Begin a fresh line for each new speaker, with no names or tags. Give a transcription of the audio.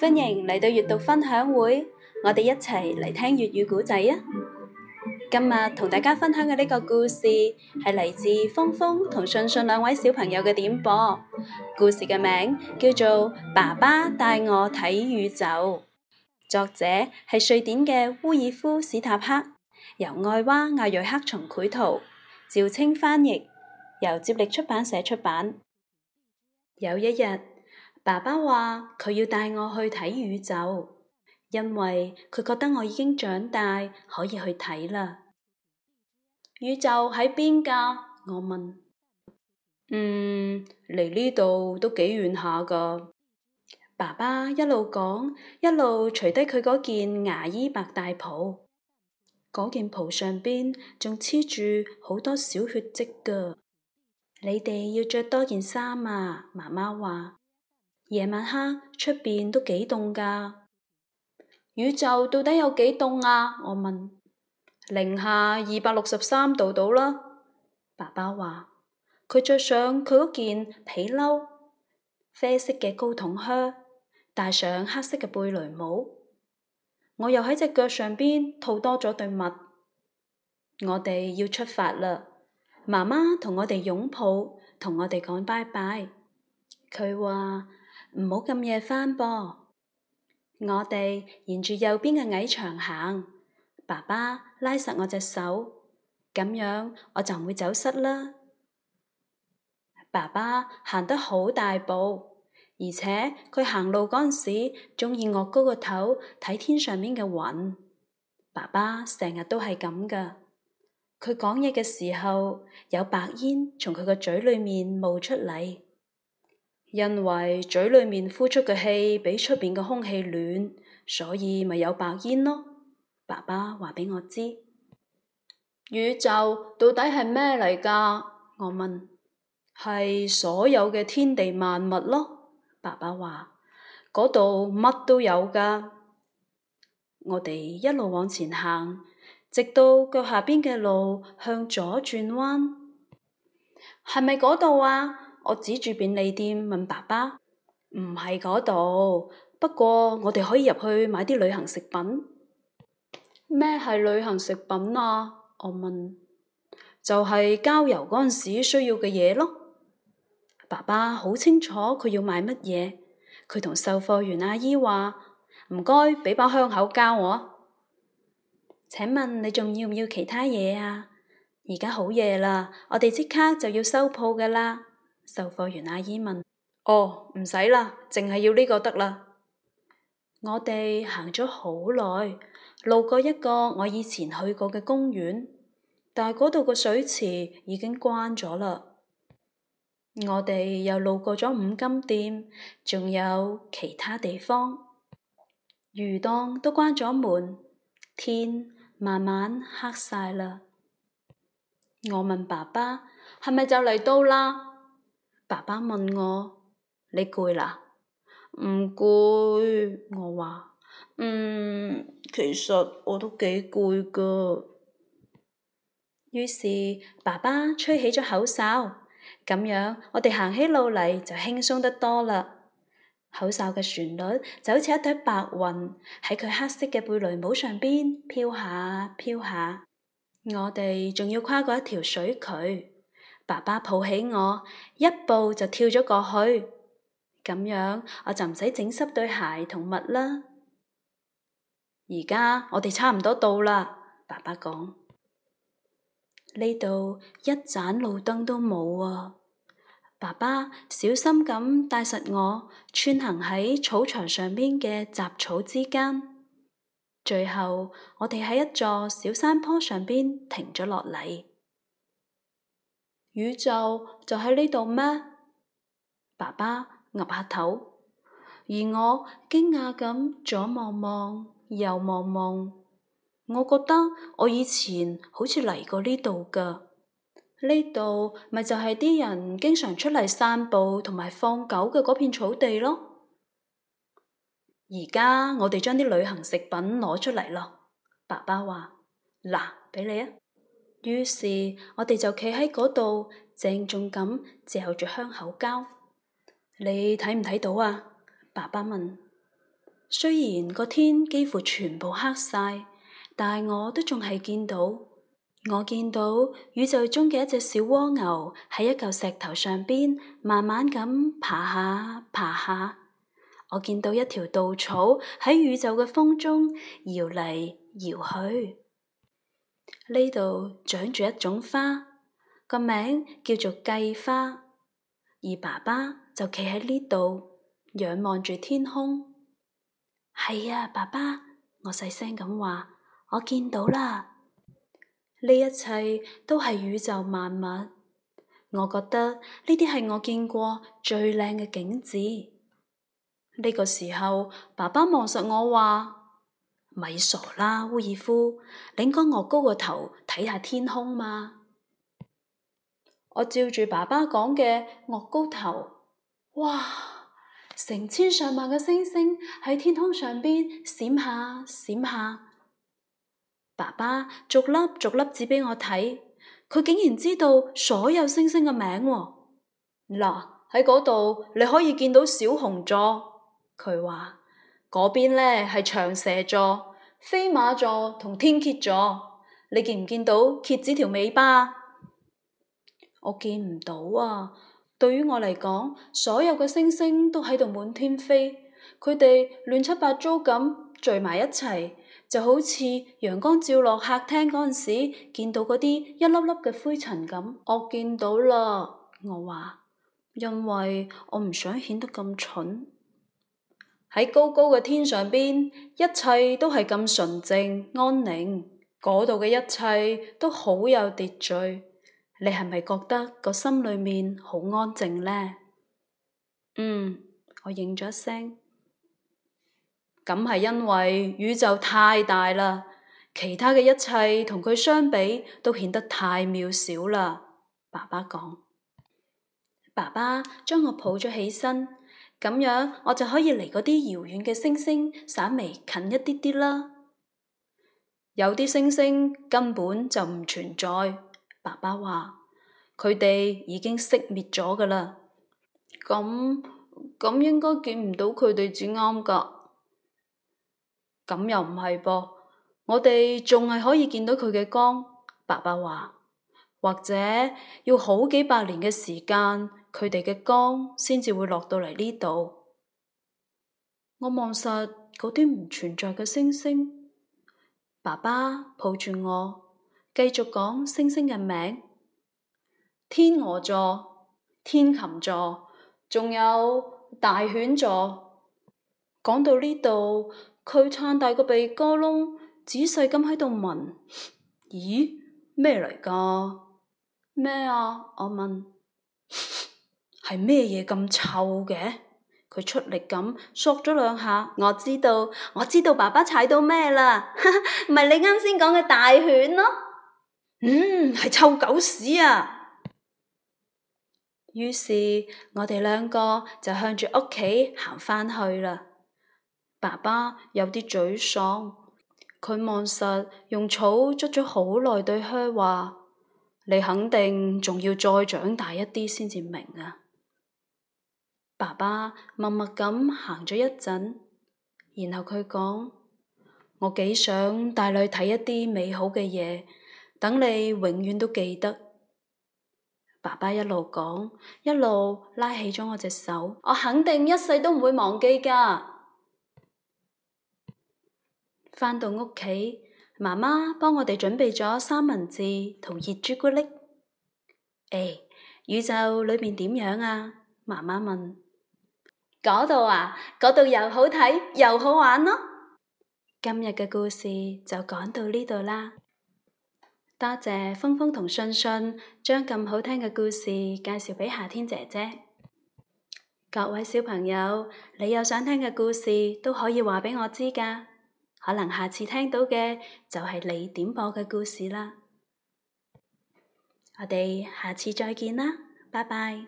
歡迎嚟到閱讀分享會，我哋一齊嚟聽粵語故仔啊！今日同大家分享嘅呢個故事係嚟自峰峰同信信兩位小朋友嘅點播，故事嘅名叫做《爸爸帶我睇宇宙》，作者係瑞典嘅烏爾夫史塔克，由愛娃亞瑞克松繪圖，趙清翻譯，由接力出版社出版。有一日。爸爸話佢要帶我去睇宇宙，因為佢覺得我已經長大可以去睇啦。宇宙喺邊噶？我問。嗯，嚟呢度都幾遠下噶。爸爸一路講，一路除低佢嗰件牙醫白大袍，嗰件袍上面仲黐住好多小血迹噶。你哋要着多件衫啊！媽媽話。夜晚黑，出邊都幾凍噶。宇宙到底有幾凍啊？我問。零下二百六十三度度啦。爸爸話。佢着上佢件皮褸，啡色嘅高筒靴，戴上黑色嘅貝雷帽。我又喺隻腳上邊套多咗對襪。我哋要出發啦。媽媽同我哋擁抱，同我哋講拜拜。佢話。唔好咁夜返噃！我哋沿住右邊嘅矮牆行。爸爸拉實我隻手，咁樣我就唔會走失啦。爸爸行得好大步，而且佢行路嗰陣時，鍾意昂高個頭睇天上面嘅雲。爸爸成日都係咁噶。佢講嘢嘅時候，有白煙從佢個嘴裏面冒出嚟。因為嘴裏面呼出嘅氣比出邊嘅空氣暖，所以咪有白煙咯。爸爸話畀我知，宇宙到底係咩嚟噶？我問，係所有嘅天地萬物咯。爸爸話，嗰度乜都有噶。我哋一路往前行，直到腳下邊嘅路向左轉彎，係咪嗰度啊？我指住便利店問爸爸：唔係嗰度，不過我哋可以入去買啲旅行食品。咩係旅行食品啊？我問。就係郊遊嗰陣時需要嘅嘢咯。爸爸好清楚佢要買乜嘢。佢同售貨員阿姨話：唔該，畀包香口膠我。請問你仲要唔要其他嘢啊？而家好夜啦，我哋即刻就要收鋪噶啦。售貨員阿姨問：哦，唔使啦，淨係要呢個得啦。我哋行咗好耐，路過一個我以前去過嘅公園，但係嗰度個水池已經關咗啦。我哋又路過咗五金店，仲有其他地方，魚檔都關咗門，天慢慢黑晒啦。我問爸爸：係咪就嚟到啦？爸爸問我：你攰啦？唔攰？我話：嗯，其實我都幾攰噶。於是爸爸吹起咗口哨，咁樣我哋行起路嚟就輕鬆得多啦。口哨嘅旋律就好似一朵白雲喺佢黑色嘅貝雷帽上邊飄下飄下,飄下。我哋仲要跨過一條水渠。爸爸抱起我，一步就跳咗過去，咁樣我就唔使整濕對鞋同襪啦。而家我哋差唔多到啦，爸爸講，呢度一盞路燈都冇啊！爸爸小心咁帶實我，穿行喺草場上邊嘅雜草之間。最後，我哋喺一座小山坡上邊停咗落嚟。宇宙就喺呢度咩？爸爸岌下頭，而我驚訝咁左望望，右望望，我覺得我以前好似嚟過呢度噶。呢度咪就係啲人經常出嚟散步同埋放狗嘅嗰片草地咯。而家我哋將啲旅行食品攞出嚟咯。爸爸話：嗱，俾你啊！於是我哋就企喺嗰度，鄭重咁嚼住香口膠。你睇唔睇到啊？爸爸問。雖然個天幾乎全部黑晒，但係我都仲係見到。我見到宇宙中嘅一隻小蝸牛喺一嚿石頭上邊慢慢咁爬下爬下。我見到一條稻草喺宇宙嘅風中搖嚟搖去。呢度長住一種花，個名叫做桂花。而爸爸就企喺呢度仰望住天空。係啊，爸爸，我細聲咁話，我見到啦，呢一切都係宇宙萬物。我覺得呢啲係我見過最靚嘅景緻。呢、呢個時候，爸爸望實我話。咪傻啦，烏爾夫，擰高個頭睇下天空嘛！我照住爸爸講嘅擰高頭，哇，成千上萬嘅星星喺天空上面閃下閃下。爸爸逐粒逐粒指畀我睇，佢竟然知道所有星星嘅名。嗱，喺嗰度你可以見到小熊座，佢話。嗰邊呢係長蛇座、飛馬座同天蠍座，你見唔見到蠍子條尾巴？我見唔到啊！對於我嚟講，所有嘅星星都喺度滿天飛，佢哋亂七八糟咁聚埋一齊，就好似陽光照落客廳嗰陣時見到嗰啲一粒粒嘅灰塵咁。我見到啦，我話，因為我唔想顯得咁蠢。喺高高嘅天上邊，一切都係咁純淨安寧。嗰度嘅一切都好有秩序。你係咪覺得個心裏面好安靜呢？嗯，我應咗一聲。咁係因為宇宙太大啦，其他嘅一切同佢相比都顯得太渺小啦。爸爸講，爸爸將我抱咗起身。咁樣我就可以離嗰啲遙遠嘅星星稍微近一啲啲啦。有啲星星根本就唔存在，爸爸話佢哋已經熄滅咗㗎喇。咁咁應該見唔到佢哋至啱㗎。咁又唔係噃，我哋仲係可以見到佢嘅光。爸爸話或者要好幾百年嘅時間。佢哋嘅光先至會落到嚟呢度。我望實嗰啲唔存在嘅星星。爸爸抱住我，繼續講星星嘅名：天鵝座、天琴座，仲有大犬座。講到呢度，佢撐大個鼻哥窿，仔細咁喺度聞。咦？咩嚟噶？咩啊？我問。係咩嘢咁臭嘅？佢出力咁索咗兩下，我知道，我知道，爸爸踩到咩啦？唔 係你啱先講嘅大犬咯，嗯，係臭狗屎啊！於是我哋兩個就向住屋企行返去啦。爸爸有啲沮喪，佢望實用草捽咗好耐對靴，話：你肯定仲要再長大一啲先至明啊！爸爸默默咁行咗一陣，然後佢講：我幾想帶你睇一啲美好嘅嘢，等你永遠都記得。爸爸一路講，一路拉起咗我隻手，我肯定一世都唔會忘記噶。返到屋企，媽媽幫我哋準備咗三文治同熱朱古力。唉、哎，宇宙裏面點樣啊？媽媽問。嗰度啊，嗰度又好睇又好玩咯！今日嘅故事就講到呢度啦，多謝風風同信信將咁好聽嘅故事介紹俾夏天姐姐。各位小朋友，你有想聽嘅故事都可以話俾我知噶，可能下次聽到嘅就係你點播嘅故事啦。我哋下次再見啦，拜拜。